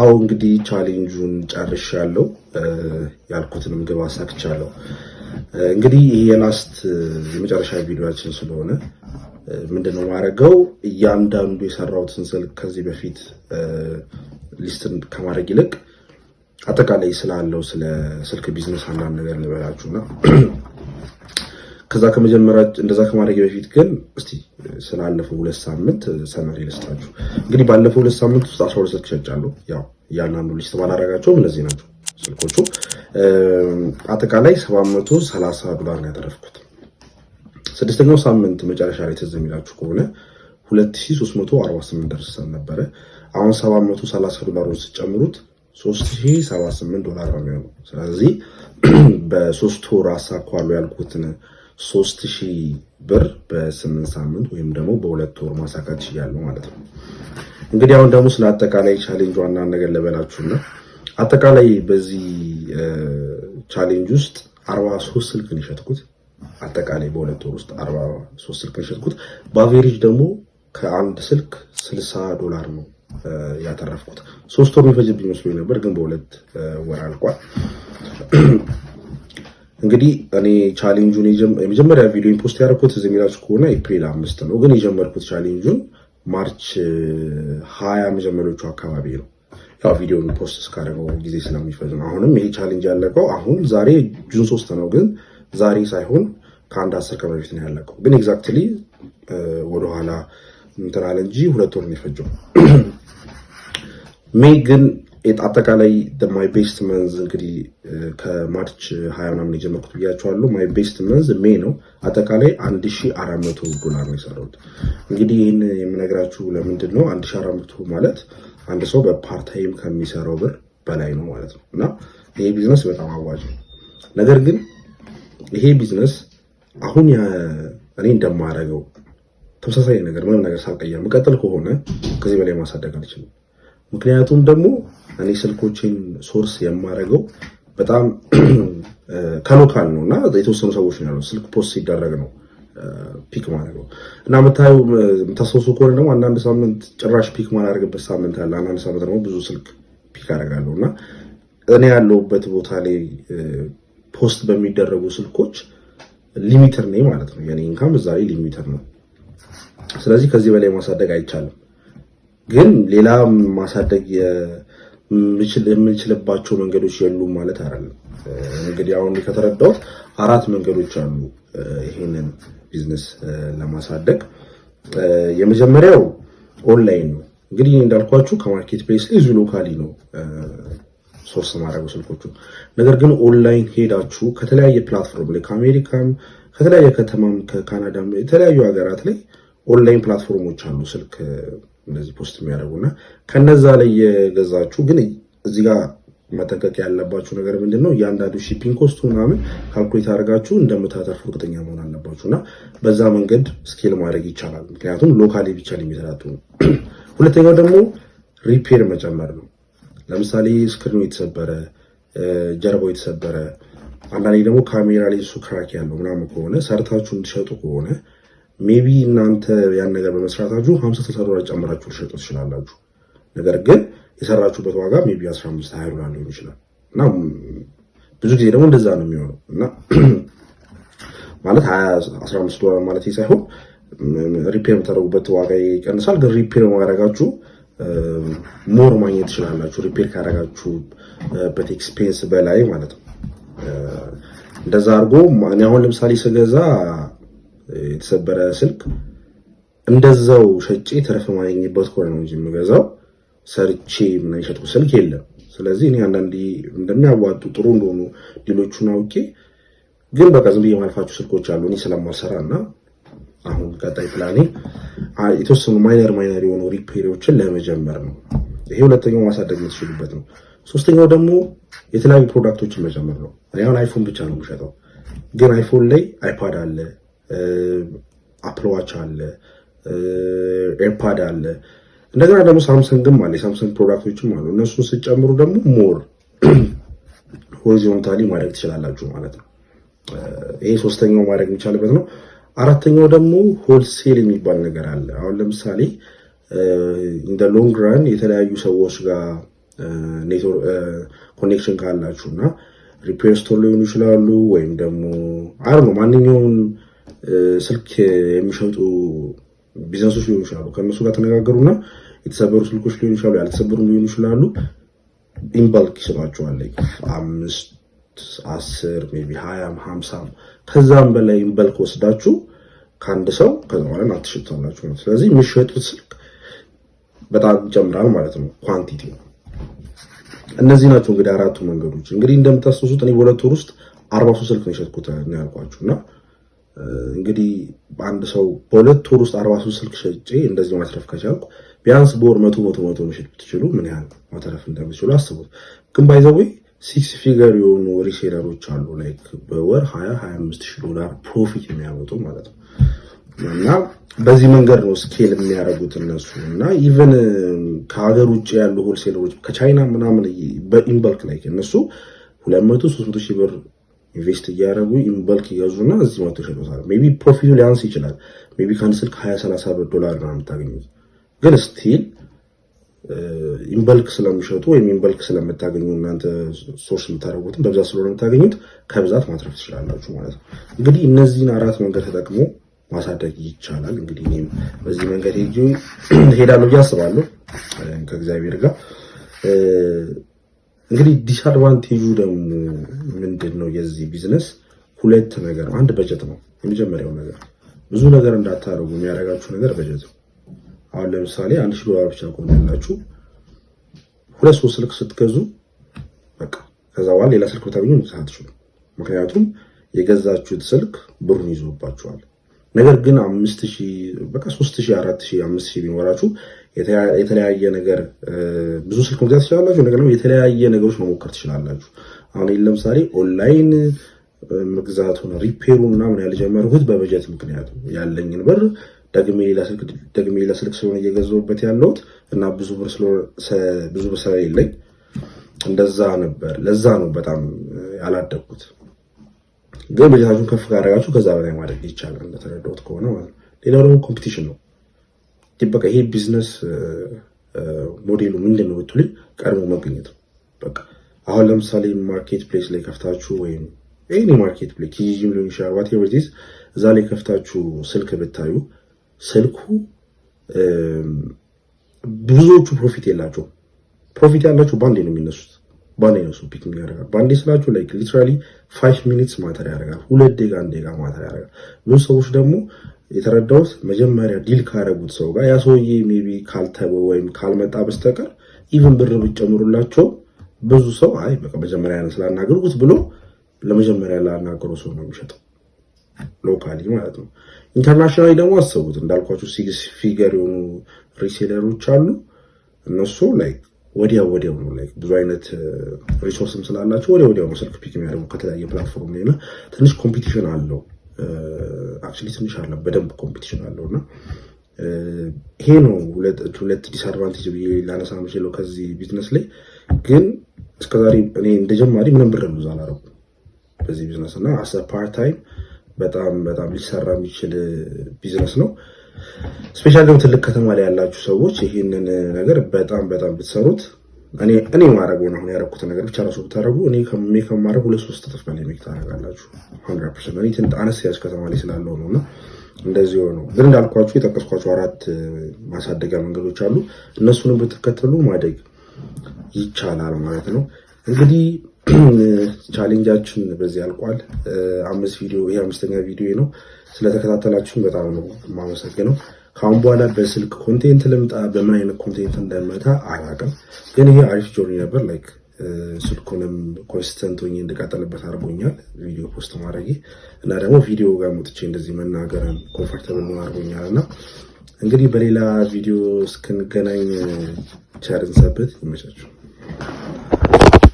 አዎ እንግዲህ ቻሌንጁን ጨርሻለሁ፣ ያልኩትንም ግብ አሳክቻለሁ። እንግዲህ ይህ የላስት የመጨረሻ ቪዲዮችን ስለሆነ ምንድነው ማድረገው እያንዳንዱ የሰራሁትን ስልክ ከዚህ በፊት ሊስትን ከማድረግ ይልቅ አጠቃላይ ስላለው ስለ ስልክ ቢዝነስ አንዳንድ ነገር ልበላችሁና ከዛ ከመጀመሪያ እንደዛ ከማድረግ በፊት ግን እስቲ ስላለፈው ሁለት ሳምንት ሰመሪ ልስጣችሁ። እንግዲህ ባለፈው ሁለት ሳምንት ውስጥ አስራ ሁለት ስልክ ሸጫለሁ። ያው እያንዳንዱ ሊስት ባላረጋቸውም እነዚህ ናቸው ስልኮቹ። አጠቃላይ ሰባት መቶ ሰላሳ ዶላር ነው ያተረፍኩት። ስድስተኛው ሳምንት መጨረሻ ላይ ትዝ የሚላችሁ ከሆነ 2348 ደርሰን ነበረ። አሁን 730 ዶላሮች ስጨምሩት 3078 ዶላር ነው የሚሆነው። ስለዚህ በሶስት ወር አሳኳሉ ያልኩትን ሶስት ሺህ ብር በስምንት ሳምንት ወይም ደግሞ በሁለት ወር ማሳካት ይችላሉ ማለት ነው። እንግዲህ አሁን ደግሞ ስለ አጠቃላይ ቻሌንጅ ዋና ነገር ልበላችሁና አጠቃላይ በዚህ ቻሌንጅ ውስጥ አርባ ሶስት ስልክ ነው የሸጥኩት። አጠቃላይ በሁለት ወር ውስጥ አርባ ሶስት ስልክ ነው የሸጥኩት። በአቬሬጅ ደግሞ ከአንድ ስልክ ስልሳ ዶላር ነው ያተረፍኩት። ሶስት ወር የሚፈጅብኝ መስሎኝ ነበር፣ ግን በሁለት ወር አልቋል። እንግዲህ እኔ ቻሌንጁን የመጀመሪያ ቪዲዮ ፖስት ያደረኩት እዚህ የሚላችሁ ከሆነ ኤፕሪል አምስት ነው፣ ግን የጀመርኩት ቻሌንጁን ማርች ሀያ መጀመሪያዎቹ አካባቢ ነው። ያው ቪዲዮን ፖስት እስካደረገው ጊዜ ስለሚፈጅ ነው። አሁንም ይሄ ቻሌንጅ ያለቀው አሁን ዛሬ ጁን ሶስት ነው፣ ግን ዛሬ ሳይሆን ከአንድ አስር ቀን በፊት ነው ያለቀው። ግን ኤግዛክትሊ ወደኋላ እንትን አለ እንጂ ሁለት ወር ነው የፈጀው ሜይ ግን አጠቃላይ ማይ ቤስት መንዝ እንግዲህ ከማርች ሀያ ምናምን የጀመርኩት ብያቸዋለሁ። ማይ ቤስት መንዝ ሜ ነው። አጠቃላይ አንድ ሺ አራት መቶ ዶላር ነው የሰራሁት። እንግዲህ ይህን የምነግራችሁ ለምንድን ነው? አንድ ሺ አራት መቶ ማለት አንድ ሰው በፓርታይም ከሚሰራው ብር በላይ ነው ማለት ነው። እና ይሄ ቢዝነስ በጣም አዋጭ ነው። ነገር ግን ይሄ ቢዝነስ አሁን እኔ እንደማደርገው ተመሳሳይ ነገር ምንም ነገር ሳልቀየር መቀጠል ከሆነ ከዚህ በላይ ማሳደግ አልችልም። ምክንያቱም ደግሞ እኔ ስልኮችን ሶርስ የማደርገው በጣም ከሎካል ነው እና የተወሰኑ ሰዎች ነው ስልክ ፖስት ሲደረግ ነው ፒክ ማድረገው እና የምታዩ የምታስታውሱ ከሆነ ደግሞ አንዳንድ ሳምንት ጭራሽ ፒክ ማላደርግበት ሳምንት አለ። አንዳንድ ሳምንት ደግሞ ብዙ ስልክ ፒክ አደርጋለሁ እና እኔ ያለሁበት ቦታ ላይ ፖስት በሚደረጉ ስልኮች ሊሚትር ነኝ ማለት ነው። የኔ ኢንካም እዛ ላይ ሊሚትር ነው። ስለዚህ ከዚህ በላይ ማሳደግ አይቻልም። ግን ሌላ ማሳደግ የምንችልባቸው መንገዶች የሉም ማለት አይደለም። እንግዲህ አሁን ከተረዳሁት አራት መንገዶች አሉ ይሄንን ቢዝነስ ለማሳደግ። የመጀመሪያው ኦንላይን ነው። እንግዲህ እንዳልኳችሁ ከማርኬት ፕሌስ ላይ እዚሁ ሎካሊ ነው ሶስት ማድረጉ ስልኮቹ። ነገር ግን ኦንላይን ሄዳችሁ ከተለያየ ፕላትፎርም ላይ ከአሜሪካም፣ ከተለያየ ከተማም፣ ከካናዳም የተለያዩ ሀገራት ላይ ኦንላይን ፕላትፎርሞች አሉ ስልክ እንደዚህ ፖስት የሚያደርጉና ከነዛ ላይ የገዛችሁ ግን እዚህ ጋር መጠንቀቅ ያለባችሁ ነገር ምንድን ነው? እያንዳንዱ ሺፒንግ ኮስቱ ምናምን ካልኩሌት አድርጋችሁ እንደምታተርፉ እርግጠኛ መሆን አለባችሁ እና በዛ መንገድ ስኬል ማድረግ ይቻላል። ምክንያቱም ሎካሊ ብቻ የሚተዳጡ ነው። ሁለተኛው ደግሞ ሪፔር መጨመር ነው። ለምሳሌ ስክሪኑ የተሰበረ፣ ጀርባው የተሰበረ፣ አንዳንዴ ደግሞ ካሜራ ላይ እሱ ክራክ ያለው ምናምን ከሆነ ሰርታችሁ እንዲሸጡ ከሆነ ሜቢ እናንተ ያን ነገር በመስራታችሁ ሀምሳ ስልሳ ዶላር ጨምራችሁ ልሸጡ ትችላላችሁ። ነገር ግን የሰራችሁበት ዋጋ ሜቢ አስራ አምስት ሀያ ዶላር ሊሆን ይችላል እና ብዙ ጊዜ ደግሞ እንደዛ ነው የሚሆነው እና ማለት አስራ አምስት ዶላር ማለት ሳይሆን ሪፔር የምታደርጉበት ዋጋ ይቀንሳል። ግን ሪፔር ማድረጋችሁ ሞር ማግኘት ትችላላችሁ። ሪፔር ካደረጋችሁበት ኤክስፔንስ በላይ ማለት ነው። እንደዛ አድርጎ እኔ አሁን ለምሳሌ ስገዛ የተሰበረ ስልክ እንደዛው ሸጬ ተረፍ ማገኝበት ከሆነ ነው እንጂ የምገዛው ሰርቼ ምን የሸጥኩ ስልክ የለም። ስለዚህ እኔ አንዳንዴ እንደሚያዋጡ ጥሩ እንደሆኑ ሌሎቹን አውቄ ግን በቃ ዝም ብዬ የማልፋቸው ስልኮች አሉ እኔ ስለማልሰራ እና አሁን ቀጣይ ፕላኔ የተወሰኑ ማይነር ማይነር የሆኑ ሪፔሪዎችን ለመጀመር ነው። ይሄ ሁለተኛው ማሳደግ የምትችሉበት ነው። ሶስተኛው ደግሞ የተለያዩ ፕሮዳክቶችን መጀመር ነው። አሁን አይፎን ብቻ ነው የሚሸጠው፣ ግን አይፎን ላይ አይፓድ አለ አፕልዋች አለ፣ ኤርፓድ አለ። እንደገና ደግሞ ሳምሰንግም አለ፣ የሳምሰንግ ፕሮዳክቶችም አሉ። እነሱን ስጨምሩ ደግሞ ሞር ሆሪዞንታሊ ማድረግ ትችላላችሁ ማለት ነው። ይሄ ሶስተኛው ማድረግ የሚቻልበት ነው። አራተኛው ደግሞ ሆልሴል የሚባል ነገር አለ። አሁን ለምሳሌ እንደ ሎንግ ራን የተለያዩ ሰዎች ጋር ኮኔክሽን ካላችሁ እና ሪፔር ስቶር ሊሆኑ ይችላሉ ወይም ደግሞ አር ነው ማንኛውም ስልክ የሚሸጡ ቢዝነሶች ሊሆኑ ይችላሉ። ከእነሱ ጋር ተነጋገሩና የተሰበሩ ስልኮች ሊሆኑ ይችላሉ፣ ያልተሰበሩ ሊሆኑ ይችላሉ። ኢንባልክ ይሰጧቸዋል። አምስት አስር ቢ ሀያም ሀምሳም ከዛም በላይ ኢንባልክ ወስዳችሁ ከአንድ ሰው ከዛ በኋላ አትሸጥታላችሁ ማለት። ስለዚህ የሚሸጡት ስልክ በጣም ይጨምራል ማለት ነው ኳንቲቲ እነዚህ ናቸው እንግዲህ አራቱ መንገዶች። እንግዲህ እንደምታስታውሱት እኔ በሁለት ወር ውስጥ አርባ ሶስት ስልክ ነው የሸጥኩት ነው ያልኳችሁ እና እንግዲህ አንድ ሰው በሁለት ወር ውስጥ አርባ ሶስት ስልክ ሸጬ እንደዚህ ማትረፍ ከቻልኩ ቢያንስ በወር መቶ መቶ መቶ መሸጥ ብትችሉ ምን ያህል ማተረፍ እንደምትችሉ አስቡት። ግን ባይዘወይ ሲክስ ፊገር የሆኑ ሪሴለሮች አሉ ላይክ በወር ሀያ ሀያ አምስት ዶላር ፕሮፊት የሚያመጡ ማለት ነው። እና በዚህ መንገድ ነው ስኬል የሚያደርጉት እነሱ እና ኢቨን ከሀገር ውጭ ያሉ ሆልሴለሮች ከቻይና ምናምን በኢንበልክ ላይ እነሱ ሁለት መቶ ሶስት መቶ ሺህ ብር ኢንቨስት እያደረጉ ኢንበልክ ይገዙና እዚህ መቶ ይሸጡታል። ሜይ ቢ ፕሮፊቱ ሊያንስ ይችላል። ሜይ ቢ ከአንድ ስልክ ሀያ ሰላሳ ብር ዶላር ነው የምታገኙት። ግን ስቲል ኢንበልክ ስለሚሸጡ ወይም ኢንበልክ ስለምታገኙ እናንተ ሶርስ የምታደረጉትን በብዛት ስለሆነ የምታገኙት ከብዛት ማትረፍ ትችላላችሁ ማለት ነው። እንግዲህ እነዚህን አራት መንገድ ተጠቅሞ ማሳደግ ይቻላል። እንግዲህ እኔም በዚህ መንገድ ሄዳለሁ ብዬ አስባለሁ ከእግዚአብሔር ጋር እንግዲህ ዲስአድቫንቴጁ ደግሞ ምንድን ነው? የዚህ ቢዝነስ ሁለት ነገር፣ አንድ በጀት ነው። የመጀመሪያው ነገር ብዙ ነገር እንዳታደርጉ የሚያደርጋችሁ ነገር በጀት ነው። አሁን ለምሳሌ አንድ ሺህ ዶላር ብቻ ቆም ያላችሁ ሁለት ሶስት ስልክ ስትገዙ በቃ ከዛ በኋላ ሌላ ስልክ ብታገኙ አትችሉም። ምክንያቱም የገዛችሁት ስልክ ብሩን ይዞባችኋል። ነገር ግን አምስት ሺህ በቃ ሶስት ሺህ አራት ሺህ አምስት ሺህ ቢኖራችሁ የተለያየ ነገር ብዙ ስልክ መግዛት ትችላላችሁ። ነገር ደግሞ የተለያየ ነገሮች መሞከር ትችላላችሁ። አሁን ለምሳሌ ኦንላይን መግዛቱን ሪፔሩ ምናምን ያልጀመርኩት በበጀት ምክንያቱ ያለኝን ብር ደግሜ ሌላ ስልክ ስለሆነ እየገዛሁበት ያለሁት እና ብዙ ብር ስለሌለኝ እንደዛ ነበር። ለዛ ነው በጣም ያላደግኩት። ግን በጀታችሁን ከፍ ካደረጋችሁ ከዛ በላይ ማድረግ ይቻላል፣ እንደተረዳሁት ከሆነ ማለት ነው። ሌላው ደግሞ ኮምፒቲሽን ነው። በቃ ይሄ ቢዝነስ ሞዴሉ ምንድን ነው ብትሉኝ ቀድሞ መገኘት ነው። በቃ አሁን ለምሳሌ ማርኬት ፕሌስ ላይ ከፍታችሁ ወይም ኤኒ ማርኬት ፕሌስ ኪጂም ሊሆን ይችላል ዋቴቨር ዚስ እዛ ላይ ከፍታችሁ ስልክ ብታዩ ስልኩ ብዙዎቹ ፕሮፊት የላቸው። ፕሮፊት ያላቸው ባንዴ ነው የሚነሱት። ባንዴ ነው ፒክ ያደርጋል። ባንዴ ስላቸው ላይክ ሊትራሊ ፋይቭ ሚኒትስ ማተር ያደርጋል። ሁለት ደጋ አንድ ደጋ ማተር ያደርጋል። ብዙ ሰዎች ደግሞ የተረዳሁት መጀመሪያ ዲል ካረጉት ሰው ጋር ያ ሰውዬ ሜቢ ካልተበ ወይም ካልመጣ በስተቀር ኢቭን ብር ብጨምሩላቸው ብዙ ሰው አይ በቃ መጀመሪያ ነው ስላናገርኩት ብሎ ለመጀመሪያ ላናገሩ ሰው ነው የሚሸጠው፣ ሎካሊ ማለት ነው። ኢንተርናሽናሊ ደግሞ አሰቡት፣ እንዳልኳቸው ሲክስ ፊገር የሆኑ ሪሴለሮች አሉ። እነሱ ላይ ወዲያ ወዲያው ነው ላይክ ብዙ አይነት ሪሶርስም uh, ስላላቸው ወዲያ ወዲያው ነው ስልክ ፒክ የሚያደርጉ ከተለያየ ፕላትፎርም ላይ እና ትንሽ ኮምፒቲሽን አለው uh, አክቹዋሊ ትንሽ አለ በደንብ ኮምፒቲሽን አለው እና ይሄ ነው ሁለት ዲስአድቫንቴጅ ብዬ ላነሳ የምችለው ከዚህ ቢዝነስ ላይ ግን እስከዛሬ እኔ እንደጀማሪ ምንም ብር ብዙ አላረኩም በዚህ ቢዝነስ እና አሰ ፓርት ታይም በጣም በጣም ሊሰራ የሚችል ቢዝነስ ነው። ስፔሻል ደግሞ ትልቅ ከተማ ላይ ያላችሁ ሰዎች ይህንን ነገር በጣም በጣም ብትሰሩት እኔ ማድረገው ነው ያደረኩትን ነገር ብቻ ራሱ ብታደረጉ እኔ ከሜ ከማድረግ ሁለት ሶስት እጥፍ በላይ ሜክ ታደረጋላችሁ። ሀንድረድ አነስ ያች ከተማ ላይ ስላለው ነው እና እንደዚህ ሆነው ግን እንዳልኳችሁ የጠቀስኳቸው አራት ማሳደጊያ መንገዶች አሉ። እነሱንም ብትከተሉ ማደግ ይቻላል ማለት ነው። እንግዲህ ቻሌንጃችን በዚህ ያልቋል። አምስት ቪዲዮ ይሄ አምስተኛ ቪዲዮ ነው። ስለተከታተላችሁን በጣም ነው የማመሰግነው። ከአሁን በኋላ በስልክ ኮንቴንት ልምጣ በምን አይነት ኮንቴንት እንደመታ አላውቅም፣ ግን ይሄ አሪፍ ጆርኒ ነበር። ላይክ ስልኩንም ኮንስተንት ሆኜ እንድቀጠልበት አድርጎኛል፣ ቪዲዮ ፖስት ማድረጌ እና ደግሞ ቪዲዮ ጋር መጥቼ እንደዚህ መናገርን ኮንፈርተብል መሆን አድርጎኛል። እና እንግዲህ በሌላ ቪዲዮ እስክንገናኝ ቸርን ሰብት ይመቻችሁ።